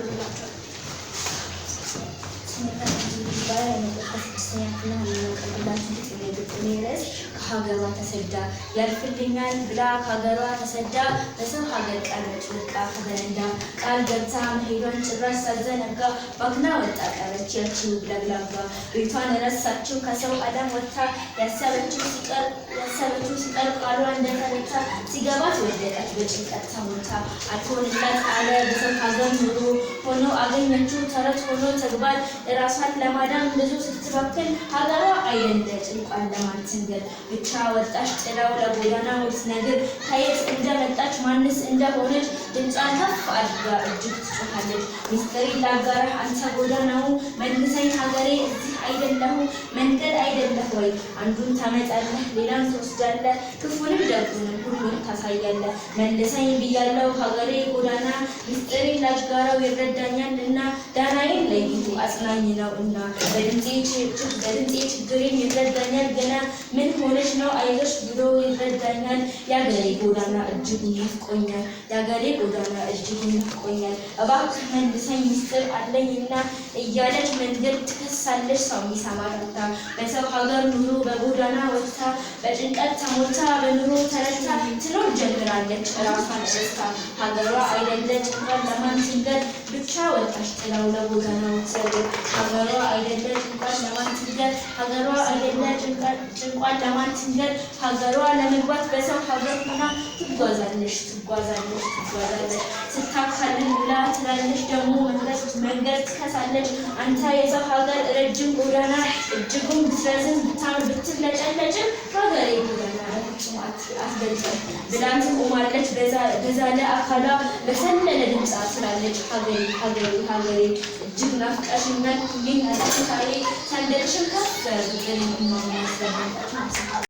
감사합니다. ይባላል። የመጠጣ ስድስተኛ ክፍል የምናቀርብላችሁ ግጥም የግጥሜ ርዕስ ከሀገሯ ተሰዳ ያልፍልኛል ብላ ከሀገሯ ተሰዳ በሰው ሀገር ቀረች ወድቃ ከበረንዳ ቃል ገብታ መሄዷን ጭራሽ ሳዘነጋ ባክና ወጣ ቀረች ያችው ለግላባ ቤቷን ረሳችው ከሰው አዳም ወጥታ ያሰበችው ሲቀር ያሰበችው ሲቀር ቃሏ እንደተረታ ሲገባት ወደቀች በጭንቀት ተሞታ አልሆንላት አለ በሰው ሀገር ኑሮ ሆኖ አገኘችው። ተረት ሆኖ ተግባር እራሷን ለማዳም ብዙ ስትባክል ሀገሯ አየለ ጭንቋን ለማትንገር ብቻ ወጣች ጥላው ለጎዳና ነገር ከየት እንደመጣች ማንስ እንደሆነች ድምጿን ከፍ አድጋ እጅግ ትጮሃለች። ሚስጥሪ ለአጋራህ አንተ ጎዳናው መልሰኝ ሀገሬ እዚህ አይደለሁ መንገድ አይደለህ ወይ? አንዱን ታመጣለህ፣ ሌላን ትወስዳለህ፣ ክፉንም ደጉንም ሁሉን ታሳያለህ። መልሰኝ ብያለሁ ሀገሬ ጎዳና፣ ምስጢሬ ላጋራው ይረዳኛል እና ዳናዬን ለይቱ አጽናኝ ነው እና በድምፄ ችግሬን ይረዳኛል ገና። ምን ሆነች ነው አይዞሽ ብሎ ይረዳኛል። የአገሬ ጎዳና እጅጉን ናፍቆኛል፣ የአገሬ ጎዳና እጅጉን ናፍቆኛል። እባክህ መልሰኝ ምስጢር አለኝና እያለች መንገድ ትከሳለች ሰው ሰው የሚሰማ ጠፍታ በሰው ሀገር ኑሮ በጎዳና ወጥታ በጭንቀት ተሞልታ በኑሮ ተረታ ትኖር ጀምራለች ራሷን ደስታ ሀገሯ አይደለ እንኳን ለማን ትንገድ ብቻ ወጣች ጥላው ለጎዳና ወትሰግድ ሀገሯ አይደለ እንኳን ለማን ትንገድ ሀገሯ አይደለ ጭንቋን ለማን ትንገድ ሀገሯ ለመግባት በሰው ሀገር ሆና ትጓዛለች ትጓዛለች ትጓዛለች ስታ ትከሳለች። አንተ የሰው ሀገር ረጅም ጎዳና እጅጉን ብትረዝም ብታምር ብትለጨለጭም ሀገሬ ጎዳና ረጅም አትገልጽም ብላን ትቆማለች። አካሏ በሰለለ ድምፅ አስራለች። ሀገሬ ሀገሬ ሀገሬ እጅግ ናፍቀሽኛል። ይህ ታሪክ ሰንደቅሽን ከፍ ያድርገን።